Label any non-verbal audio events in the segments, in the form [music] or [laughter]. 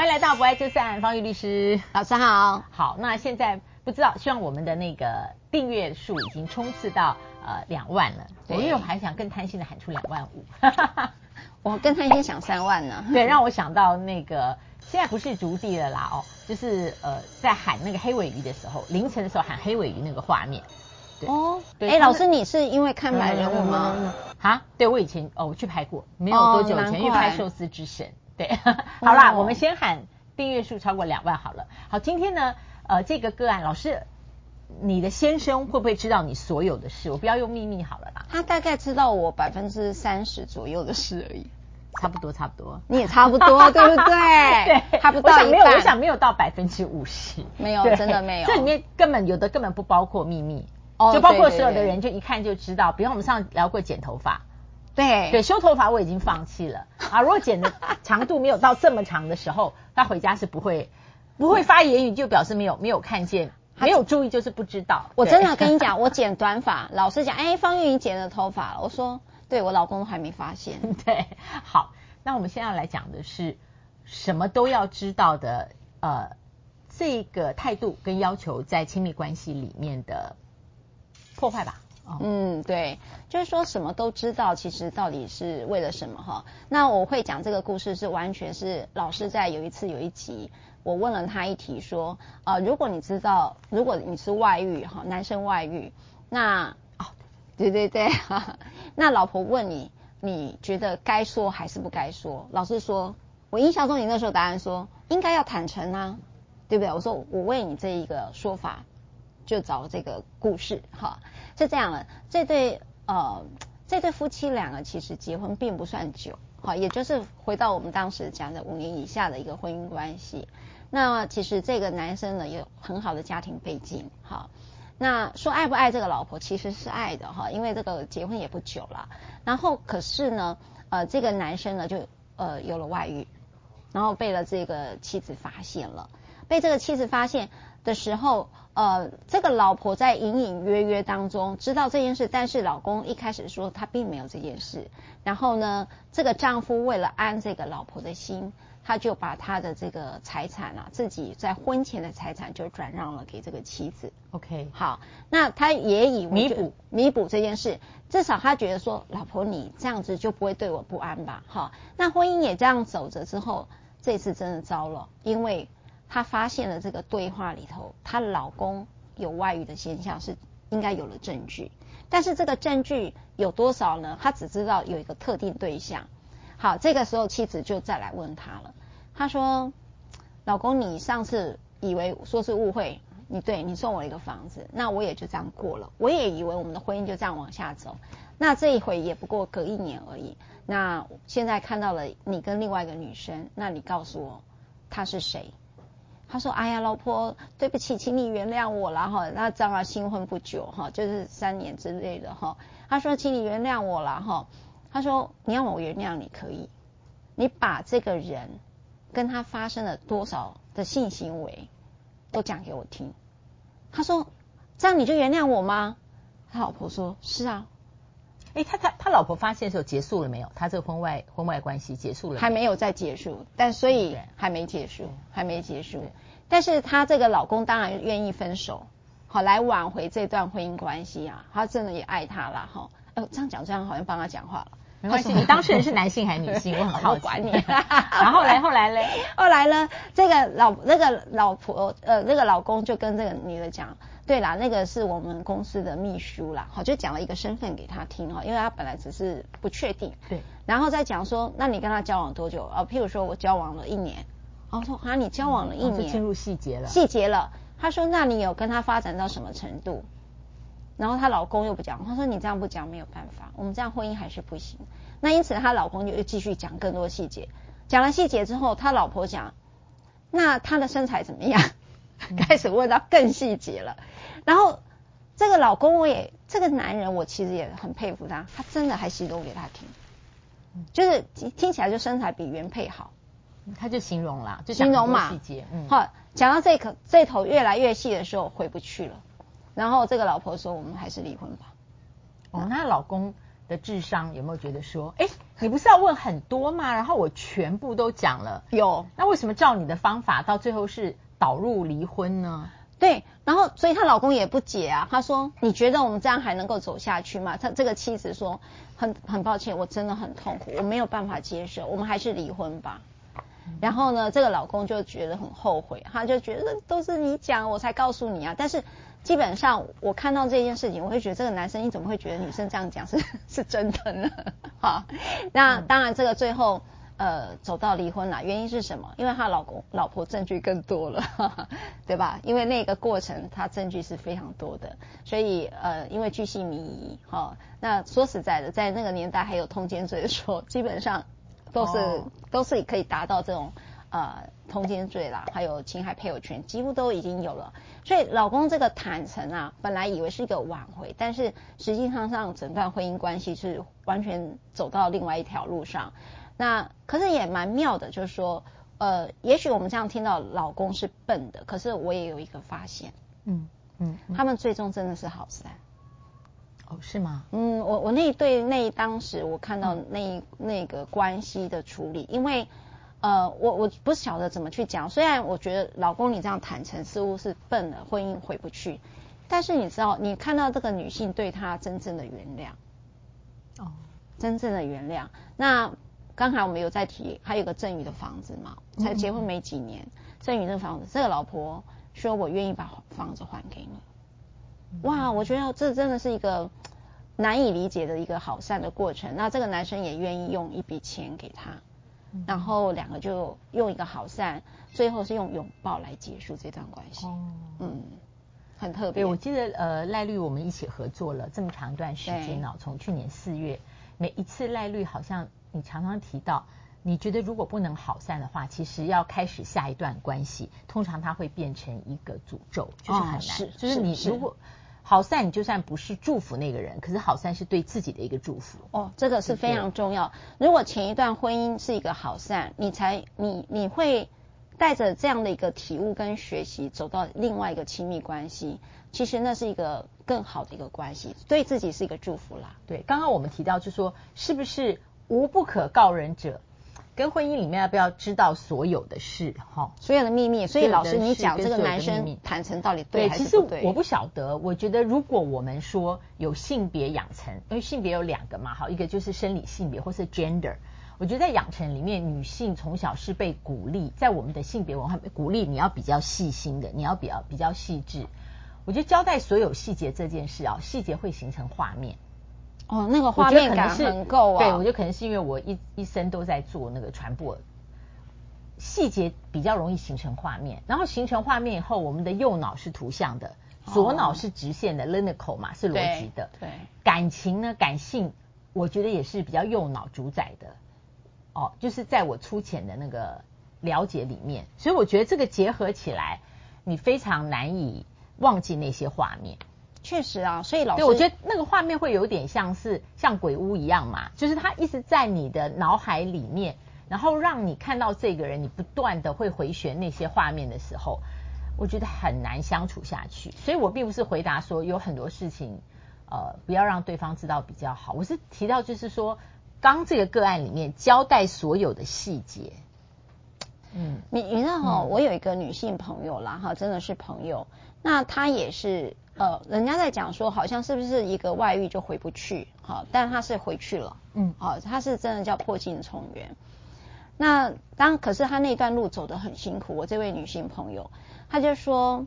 歡迎來到《不愛就散》，芳玉律師。老師好。好，那現在不知道，希望我們的那個訂閱數已經衝刺到呃兩萬了。對，對，因為我還想更貪心的喊出兩萬五。哈哈哈。我更貪心想三萬呢、啊。對，讓我想到那個現在不是築地了啦哦，就是呃在喊那個黑鮪魚、魚的時候，凌晨的時候喊黑鮪魚、魚那個畫面。對哦。哎對，老師，們你是因為看美人魚嗎？啊、嗯嗯嗯，對，我以前哦我去拍過，沒有多久以前去、哦、拍《壽司之神》。對，好啦，嗯哦、我們先喊訂閱數超過兩萬好了。好，今天呢，呃，這個個案，老師，你的先生會不會知道你所有的事？我不要用秘密好了啦。他大概知道我百分之三十左右的事而已，差不多，差不多。你也差不多， [laughs] 對不對？對，還不到一半，沒有，我想沒有到百分之五十，沒有，對真的沒有。這裡面根本有的根本不包括秘密，哦、就包括所有的人，就一看就知道。對對對比如我們上次聊過剪頭髮。對對，修頭髮我已經放棄了啊！如果剪的長度沒有到這麼長的時候，他 [laughs] 回家是不會不會發言語，就表示沒有沒有看見， [laughs] 她 沒有注意就是不知道。我真的跟你講， [laughs] 我剪短髮，老實講，哎，方念華剪了頭髮我說，對我老公還沒發現，對。好，那我們現在來講的是什麼都要知道的呃，這個態度跟要求在親密關係裡面的破壞吧。嗯，對，就是說什麼都知道，其實到底是為了什麼哈？那我會講這個故事是完全是老師在有一次有一集，我問了他一題說，呃，如果你知道，如果你是外遇哈，男生外遇，那、哦、對對對對，那老婆問你，你覺得該說還是不該說？老師說，我印象中你那時候答案說應該要坦誠啊，對不對？我說我問你這一個說法。就找這個故事哈，是這樣的，這對呃這對夫妻兩個其實結婚並不算久，哈，也就是回到我們當時講的五年以下的一個婚姻關係。那其實這個男生呢，有很好的家庭背景，哈。那說愛不愛這個老婆其實是愛的哈，因為這個結婚也不久了。然後可是呢，呃這個男生呢就呃有了外遇，然後被了這個妻子發現了，被這個妻子發現的時候，呃，這個老婆在隱隱約約當中知道這件事，但是老公一開始說他並沒有這件事。然後呢，這個丈夫為了安這個老婆的心，他就把他的這個財產啊，自己在婚前的財產就轉讓了給這個妻子。OK，好，那他也以彌補彌補，彌補這件事，至少他覺得說，老婆你這樣子就不會對我不安吧？哈，那婚姻也這樣走着之後，這次真的糟了，因為。她發現了這個對話裡頭，她老公有外遇的現象是應該有了證據，但是這個證據有多少呢？她只知道有一個特定對象。好，這個時候妻子就再來問他了，她說：“老公，你上次以為說是誤會，你對你送我一個房子，那我也就這樣過了，我也以為我們的婚姻就這樣往下走。那這一回也不過隔一年而已，那現在看到了你跟另外一個女生，那你告訴我，她是誰？”他說：“哎呀，老婆，對不起，請你原諒我啦！哈，那當然新婚不久哈，就是三年之類的哈。”他說：“請你原諒我啦！哈。”他說：“你要我原諒你可以，你把這個人跟他發生了多少的性行為都講給我聽。”他說：“這樣你就原諒我嗎？”他老婆說：“是啊。”哎，他他他老婆發現的時候結束了沒有？他這個婚外婚外關係結束了？還沒有再結束，但所以還沒結束，嗯、還沒結束。嗯、但是他這個老公當然願意分手，好來挽回這段婚姻關係啊！他真的也愛她了哈。呃，這樣講這樣好像幫他講話了，沒關係。說你當事人是男性還是女性？ [laughs] 我很好奇，我管你。然 [laughs] 好 [laughs] 後來後來嘞，後來呢，這個老那、這個老婆呃那、這個老公就跟這個女的講。對啦，那個是我們公司的秘書啦，好，就講了一個身份給他聽哈，因為他本來只是不確定，對，然後再講說，那你跟他交往多久啊？譬如說我交往了一年，然後說，啊，好、啊、你交往了一年、嗯啊，就進入細節了，細節了。他說，那你有跟他發展到什麼程度？然後她老公又不講，他說你這樣不講沒有辦法，我們這樣婚姻還是不行。那因此他老公就又繼續講更多細節，講了細節之後，他老婆講，那他的身材怎麼樣？ [laughs] 開始問到更細節了，然後這個老公我也這個男人，我其實也很佩服他，他真的還形容給他聽，就是聽起來就身材比原配好，嗯、他就形容啦，就形容細節，嗯、好講到這個這頭越來越細的時候回不去了，然後這個老婆說，我們還是離婚吧。哦，啊、那他老公的智商有沒有覺得說，哎、欸，你不是要問很多嗎？然後我全部都講了，有，那為什麼照你的方法到最後是導入離婚呢、啊？對，然後所以她老公也不解啊，他說：“你覺得我們這樣還能夠走下去嗎？”他這個妻子說：“很很抱歉，我真的很痛苦，我沒有辦法接受，我們還是離婚吧。嗯”然後呢，這個老公就覺得很後悔，他就覺得都是你講，我才告訴你啊。但是基本上我看到這件事情，我會覺得這個男生你怎麼會覺得女生這樣講是是真的呢？好，那當然這個最後。嗯呃，走到離婚了，原因是什麼？因為她老公老婆證據更多了哈哈，對吧？因為那個過程，她證據是非常多的，所以呃，因為據信迷疑巨細靡遺哈。那說實在的，在那個年代還有通奸罪的時候，基本上都是、哦、都是可以達到這種呃通奸罪啦，還有侵害配偶權，幾乎都已經有了。所以老公這個坦承啊，本來以為是一個挽回，但是實際上上整段婚姻關係是完全走到另外一條路上。那可是也蠻妙的，就是說，呃，也許我們這樣聽到老公是笨的，可是我也有一個發現，嗯嗯，嗯嗯，他們最終真的是好散哦，是嗎？嗯，我我那一對那一當時我看到那、嗯、那，那個關係的處理，因為呃，我我不曉得怎麼去講，雖然我覺得老公你這樣坦誠似乎是笨了，婚姻回不去，但是你知道，你看到這個女性對他真正的原諒，哦，真正的原諒，那。剛才我們有在提，還有個贈與的房子嘛，才結婚沒幾年，贈與那房子，這個老婆說，我願意把房子還給你。嗯、哇，我覺得這真的是一個難以理解的一個好散的過程。那這個男生也願意用一筆錢給她，嗯、然後兩個就用一個好散，最後是用擁抱來結束這段關係。哦、嗯，很特別。我記得呃，賴律我們一起合作了這麼長一段時間呢、哦，對從去年四月，每一次賴律好像。你常常提到，你覺得如果不能好散的話，其實要開始下一段關係，通常它會變成一個詛咒，就是很難。哦、是是，就是你如果好散，你就算不是祝福那個人，可是好散是對自己的一個祝福。哦，這個是非常重要。對對，如果前一段婚姻是一個好散，你才你你會帶着這樣的一個體悟跟學習，走到另外一個親密關係，其實那是一個更好的一個關係，對自己是一個祝福啦。對，剛剛我們提到，就是說是不是？無不可告人者，跟婚姻裡面要不要知道所有的事哈？所有，所有的秘密。所以老師，你講這個男生坦誠到底對還是不對？對，其實我不曉得。我覺得如果我們說有性別養成，因為性別有兩個嘛，好，一個就是生理性別，或是 gender。我覺得在養成裡面，女性從小是被鼓勵，在我們的性別文化鼓勵你要比較細心的，你要比較比較細緻。我覺得交代所有細節這件事啊，細節會形成畫面。哦，那個畫面可能是感很夠啊、哦！對，我覺得可能是因為我一一生都在做那個傳播，細節比較容易形成畫面。然後形成畫面以後，我們的右腦是圖像的，左腦是直線的 linear 嘛，是邏輯的。對，對感情呢，感性，我覺得也是比較右腦主宰的。哦，就是在我粗淺的那個了解裡面，所以我覺得這個結合起來，你非常難以忘記那些畫面。確實啊，所以老師對，我覺得那個畫面會有點像是像鬼屋一樣嘛，就是他一直在你的腦海裡面，然後讓你看到這個人，你不斷的會回旋那些畫面的時候，我覺得很難相處下去。所以我並不是回答說有很多事情，呃，不要讓對方知道比較好，我是提到就是說，剛這個個案裡面交代所有的細節。嗯，你你知道哈，嗯、我有一個女性朋友啦哈，真的是朋友。那她也是，呃，人家在講說，好像是不是一個外遇就回不去哈？但是她是回去了，嗯，啊，她是真的叫破鏡重圓。那當可是她那段路走得很辛苦。我這位女性朋友，她就說，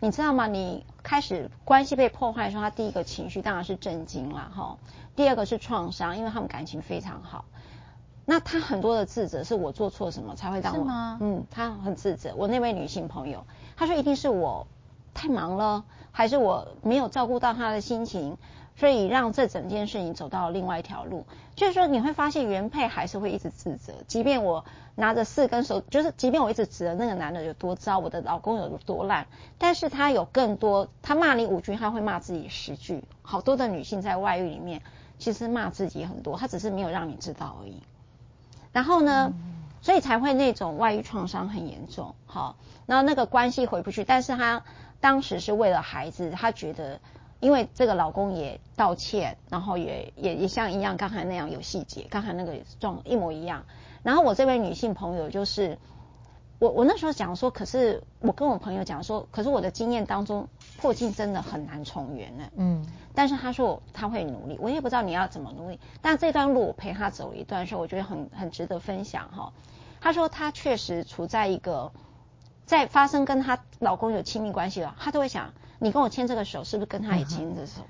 你知道嗎？你開始關係被破壞的時候，她第一個情緒當然是震驚啦，哈，第二個是創傷，因為他們感情非常好。那他很多的自責是我做錯什麼才會讓我？是嗎？嗯，他很自責。我那位女性朋友，她說一定是我太忙了，還是我沒有照顧到他的心情，所以讓這整件事情走到另外一條路。就是說，你會發現原配還是會一直自責。即便我拿着四根手，就是即便我一直指的那個男的有多糟，我的老公有多爛，但是他有更多，他罵你五句，他會罵自己十句。好多的女性在外遇裡面，其實罵自己很多，他只是沒有讓你知道而已。然後呢，嗯嗯。所以才會那種外遇創傷很嚴重，好，然後那個關係回不去。但是她當時是為了孩子，她覺得，因為這個老公也道歉，然後也也也像一樣剛才那樣有細節，剛才那個狀一模一樣。然後我這位女性朋友就是。我我那時候講說，可是我跟我朋友講說，可是我的經驗當中，破鏡真的很難重圓呢。嗯，但是他說他會努力，我也不知道你要怎麼努力。但這段路我陪他走一段時候，我覺得很很值得分享哈。他說他確實處在一個在發生跟他老公有親密關係了，他都會想，你跟我牽這個手，是不是跟他也牽這個手？嗯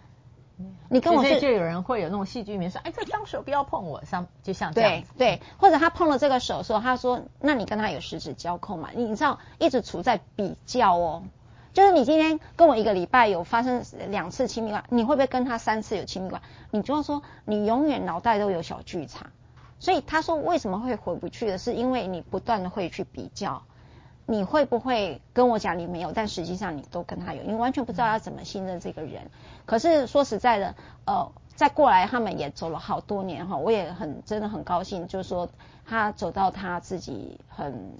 你跟我就就有人會有那種戲劇名說，哎、欸，這雙手不要碰我，像就像這樣。對對，或者他碰了這個手說，說他說，那你跟他有十指交扣嘛？你你知道一直處在比較哦、喔，就是你今天跟我一個禮拜有發生兩次親密關，你會不會跟他三次有親密關？你就要說你永遠腦袋都有小劇場，所以他說為什麼會回不去的是因為你不斷的會去比較。你會不會跟我講你沒有？但實際上你都跟他有，因為完全不知道要怎麼信任這個人。可是說實在的，呃，再過來他們也走了好多年哈，我也很真的很高興，就是說他走到他自己很，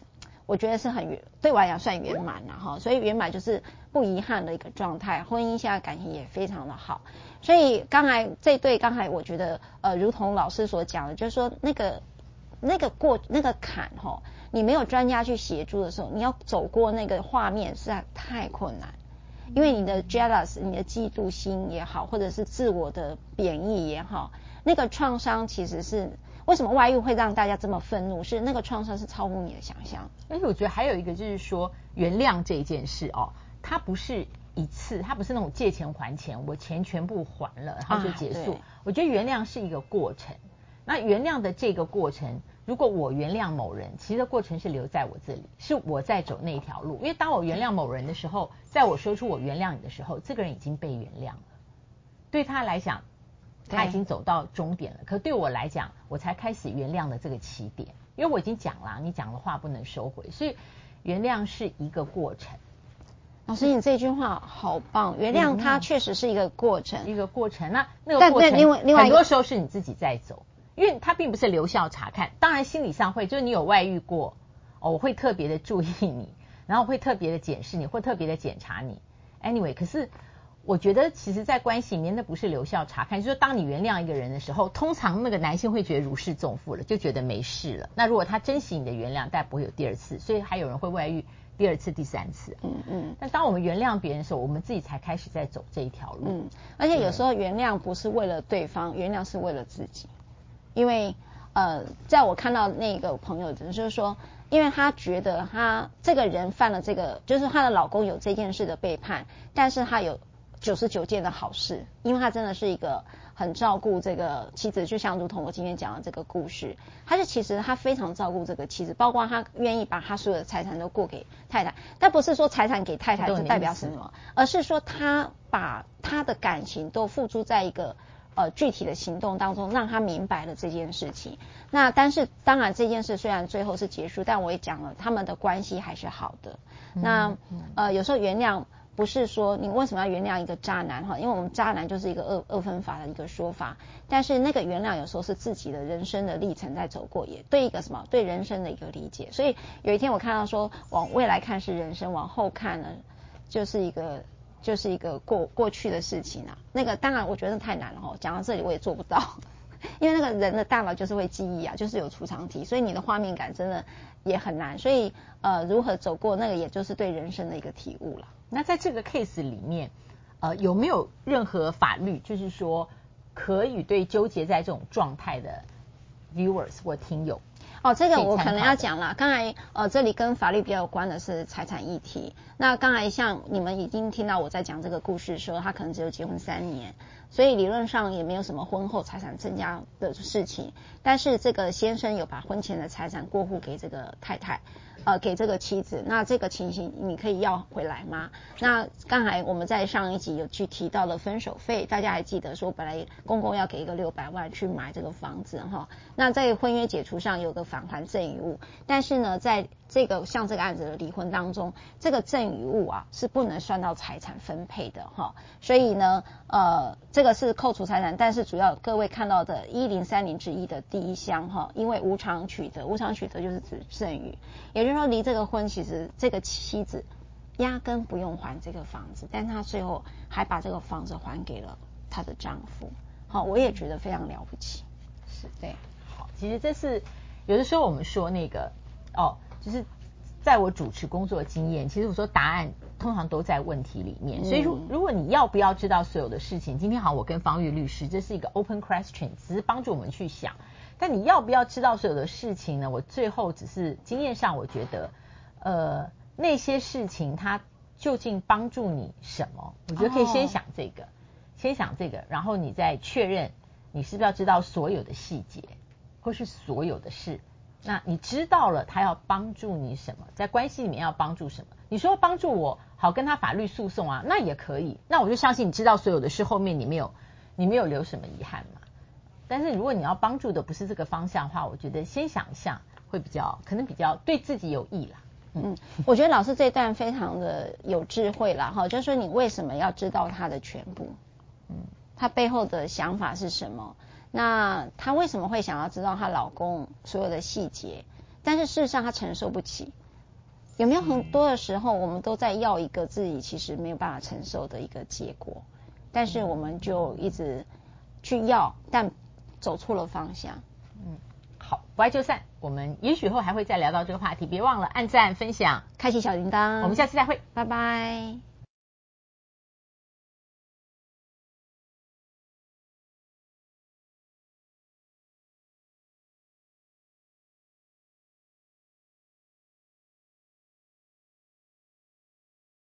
我覺得是很圓，對我來講算圓滿了哈。所以圓滿就是不遺憾的一個狀態，婚姻現在感情也非常的好。所以剛才這對，剛才我覺得呃，如同老師所講的，就是說那個那個過那個坎哈。你沒有專家去協助的時候，你要走過那個畫面實在太困難，因為你的 jealous，你的嫉妒心也好，或者是自我的貶義也好，那個創傷其實是為什麼外遇會讓大家這麼憤怒？是那個創傷是超乎你的想象。但是我覺得還有一個就是說，原諒這件事哦，它不是一次，它不是那種借錢還錢，我錢全部還了然後就結束。啊，我覺得原諒是一個過程，那原諒的這個過程。如果我原諒某人，其實過程是留在我這裡，是我在走那一條路。因為當我原諒某人的時候，在我說出我原諒你的時候，這個人已經被原諒了，對他來講，他已經走到終點了。對可對我來講，我才開始原諒的這個起點。因為我已經講了，你講的話不能收回，所以原諒是一個過程。老師，你這句話好棒，原諒它確實是一個過程，嗯啊、一個過程，啊。那那個過程，但但另外，很多時候是你自己在走。因為他並不是留校察看，當然心理上會，就是你有外遇過，哦，我會特別的注意你，然後會特別的檢視你，或特別的檢查你。Anyway，可是我覺得其實在關係裡面，那不是留校察看，就是說當你原諒一個人的時候，通常那個男性會覺得如釋重負了，就覺得沒事了。那如果他珍惜你的原諒，但不會有第二次。所以還有人會外遇第二次、第三次。嗯嗯。嗯但當我們原諒別人的時候，我們自己才開始在走這一條路。嗯，而且有時候原諒不是為了對方，原諒是為了自己。因為，呃，在我看到那個朋友就是說，因為她覺得她這個人犯了這個，就是她的老公有這件事的背叛，但是她有九十九件的好事，因為她真的是一個很照顧這個妻子，就像如同我今天講的這個故事，她是其實她非常照顧這個妻子，包括她願意把她所有的財產都過給太太，但不是說財產給太太就代表什麼，而是說她把她的感情都付出在一個。呃，具體的行動當中，讓他明白了這件事情。那但是當然，這件事雖然最後是結束，但我也講了他們的關係還是好的。那、嗯嗯、呃，有時候原諒不是說你為什麼要原諒一個渣男哈？因為我們渣男就是一個二二分法的一個說法。但是那個原諒有時候是自己的人生的歷程在走過，也對一個什麼對人生的一個理解。所以有一天我看到說，往未來看是人生，往後看呢就是一個。就是一個過過去的事情啊，那個當然我覺得太難了哦。講到這裡我也做不到，因為那個人的大腦就是會記憶啊，就是有儲藏體，所以你的畫面感真的也很難。所以呃，如何走過那個，也就是對人生的一個體悟了。那在這個 case 裡面，呃，有沒有任何法律就是說可以對糾結在這種狀態的 viewers 或聽友？哦，這個我可能要講了。剛才呃，這裡跟法律比較有關的是財產議題。那剛才像你們已經聽到我在講這個故事的時候，說他可能只有結婚三年。所以理論上也沒有什麼婚後財產增加的事情，但是這個先生有把婚前的財產過戶給這個太太，呃，給這個妻子。那這個情形你可以要回來嗎？那剛才我們在上一集有去提到了分手費，大家還記得說本來公公要給一個六百萬去買這個房子哈。那在婚約解除上有個返還贈與物，但是呢在這個像這個案子的離婚當中，這個贈與物啊是不能算到財產分配的哈，所以呢，呃，這個是扣除財產，但是主要各位看到的一零三零之一的第一項。哈，因為無償取得，無償取得就是指贈與，也就是說離這個婚，其實這個妻子壓根不用還這個房子，但她最後還把這個房子還給了她的丈夫，好，我也覺得非常了不起，是對，好，其實這是有的時候我們說那個哦。就是在我主持工作經驗，其實我說答案通常都在問題裡面。嗯、所以，如如果你要不要知道所有的事情，今天好像我跟芳玉律師這是一個 open question，只是幫助我們去想。但你要不要知道所有的事情呢？我最後只是經驗上，我覺得，呃，那些事情它究竟幫助你什麼？我覺得可以先想這個，oh. 先想這個，然後你再確認你是不是要知道所有的細節或是所有的事。那你知道了他，要幫助你什麼，在關係裡面要幫助什麼？你說幫助我好跟他法律訴訟啊，那也可以，那我就相信你知道所有的事後面，你沒有你沒有留什麼遺憾嘛。但是如果你要幫助的不是這個方向的話，我覺得先想一下會比較，可能比較對自己有益啦。嗯， [laughs] 我覺得老師這段非常的有智慧啦，哈，就是說你為什麼要知道他的全部，嗯，他背後的想法是什麼？那她為什麼會想要知道她老公所有的細節？但是事實上她承受不起。有沒有很多的時候，我們都在要一個自己其實沒有辦法承受的一個結果，但是我們就一直去要，但走錯了方向。嗯，好，不愛就散。我們也許以後還會再聊到這個話題，別忘了按讚、分享、開啟小鈴鐺。我們下次再會，拜拜。